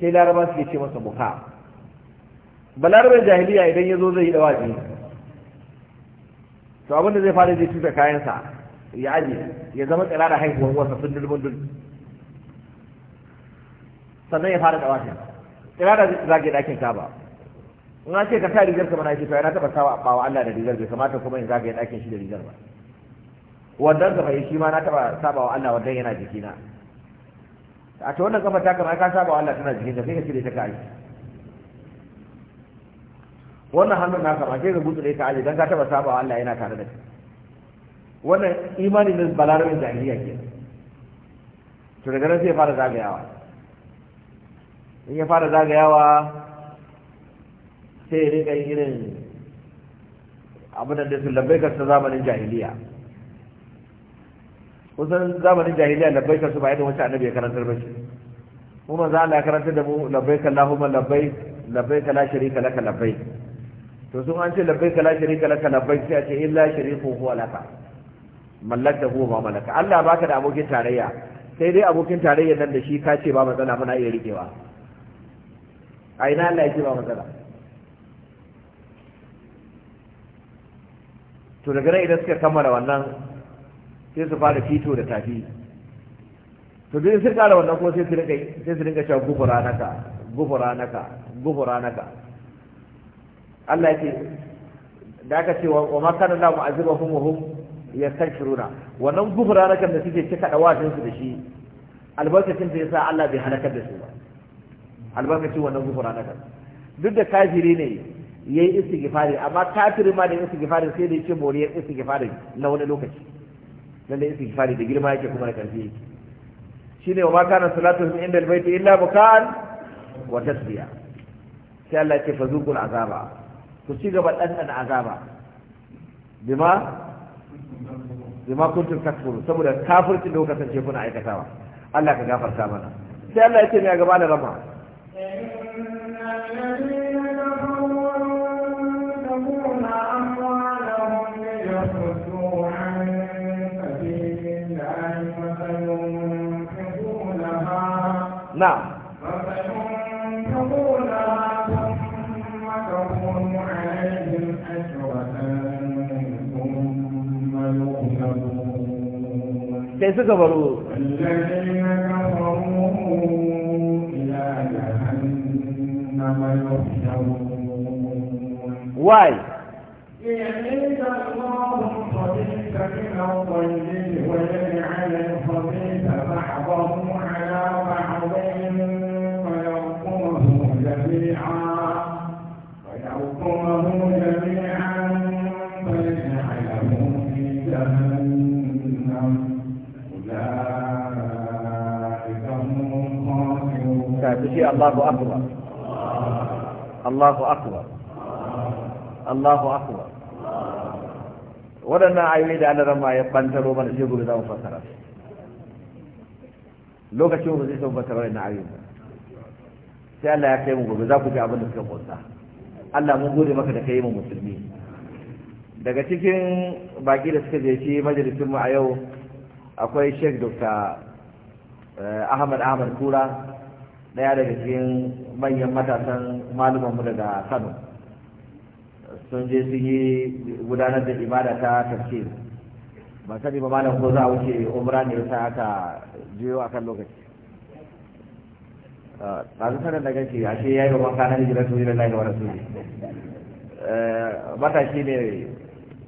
sai laraba suke ce masa buka balarabar jahiliya idan ya zo zai yi dawaji to abin da zai fara zai tuta kayansa ya aje ya zama tsira da haihuwar wasa sun dulbun dul sannan ya fara tsawafin tsira da zage dakin kaba in an ce ka sa rigar ka mana shi to yana taba sawa a bawa Allah da rigar bai kamata kuma in zagaye dakin shi da rigar ba wannan gaba eh, shi ma na taba saba wa Allah wannan yana jikina a ta wannan kafa ta kamar ka saba wa Allah tana jikinka sai ka cire ta ka aiki wannan hannun naka ba sai ka da ka aji don ka taba saba Allah yana tare da kai wannan imani ne balarabin jahiliya ke to daga nan sai fara zagayawa in ya fara zagayawa sai ya rika irin abin da su labbaikar ta zamanin jahiliya kusan zamanin jahiliya labbaikar su ba yadda wacce annabi ya karantar ba shi kuma za a ya karantar da mu labbaikar lahumma labbaik labbaik la sharika laka labbaik to sun an ce labbai kala shirika laka labbai sai a ce illa shariku huwa laka mallaka huwa ba mallaka Allah baka da abokin tarayya sai dai abokin tarayya nan da shi ka ce ba matsala muna iya rikewa a ina Allah yake ba matsala to daga nan idan suka kammala wannan sai su fara fito da tafi to duk sun kara wannan ko sai su rinka sai su rinka cewa gufura naka gufura naka gufura naka Allah ya ce da aka ce wa ma kana la mu'azibahum wa hum yastaghfiruna wannan gufura kan da suke cika wajin su da shi albarkacin da yasa Allah bai halaka da su ba albarkacin wannan gufura kan duk da kafiri ne yayi istighfari amma kafiri ma da istighfari sai da yake moriyar istighfari na wani lokaci dan da istighfari da girma yake kuma da karfi yake shine wa ma kana salatu inda albayti illa bukan wa tasbiya sai Allah ya ce fazuqul azaba ku ci gaba ɗanɗana azaba bima bima kuntum takfuru saboda kafirci da kuka kasance kuna aikatawa Allah ka gafarta mana sai Allah ya ce mai gaba da rama نعم kai suka baro why الله أكبر الله أكبر الله أكبر waɗannan ayoyi da ana ma ya bantaro mana shi gobe za mu fassara lokacin ba zai san fassara wannan ayoyi sai Allah ya kai gobe za ku abin da suka Allah mun gode maka da kai mu musulmi daga cikin baki da suka ziyarci majalisin mu a yau akwai Sheikh Dr. Eh, Ahmad Ahmad Kura daya daga cikin manyan matasan malumanmu daga kano sun je sun yi gudanar da ibada ta tafsir ba sani ba malam ko za a wuce umra ne yasa aka jiyo akan lokaci ah, ɗazu sanar da gaske ashe ya yi wa makanan hijirar su hijirar lai da wani suri eh, matashi ne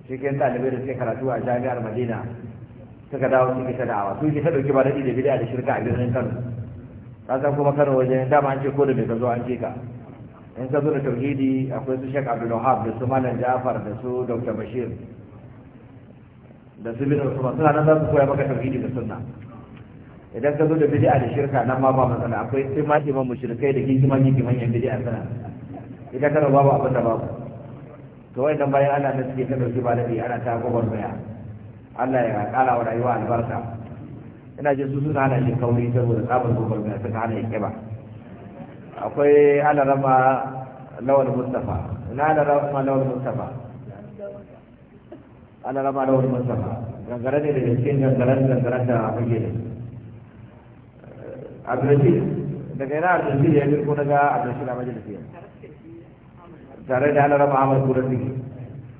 cikin ɗalibai da suke karatu a jami'ar madina suka dawo suke da awa su ke ta ɗauki ba da ɗi da bidiyar da shirka a birnin kano ka san kuma kano wajen dama an ce ko da bai ka zo an ce ka in ka zo da tauhidi akwai su shek abdul wahab da su malam jafar da su dr bashir da su bin usman suna nan za su koya maka tauhidi da sunna idan ka zo da bid'a da shirka nan ma ba matsala akwai ma tsiman mushrikai da hikima hikiman yan bid'a sana idan kana babu abin da babu to wai dan bayan Allah ne suke ta dauki ba da ana ta gobar baya Allah ya kara wa rayuwa albarka ina jin su suna hana shi kauri saboda tsabar gobar da suka hana yake ba akwai rama lawal mustafa ina rama lawal mustafa rama lawal mustafa gangare ne da cikin gangaren gangaren da muke da abinci daga yana a brazil ya birko daga a brazil a majalisi tare da alarama amur kura suke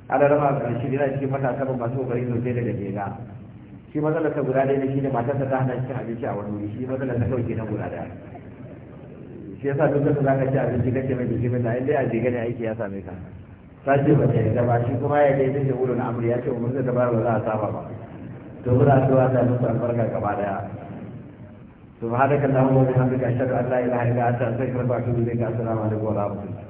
alarama a brazil yana cikin matasan masu kokari sosai daga jega shi matsalar ta guda ɗaya shi ne matarsa ta hana cin abinci a wani wuri shi matsalar ta kawai kenan guda ɗaya shi yasa duk da za ka ci abinci kace mai biki mai dai a jiga ne aiki ya same ka sashi ba ta yarda ba shi kuma ya dai take wurin amri ya ce umar da dabara ba za a saba ba to muna addu'a ta musu albarka gaba daya subhanakallahumma wa bihamdika ashhadu an la ilaha illa anta astaghfiruka wa atubu ilayk assalamu alaikum wa rahmatullahi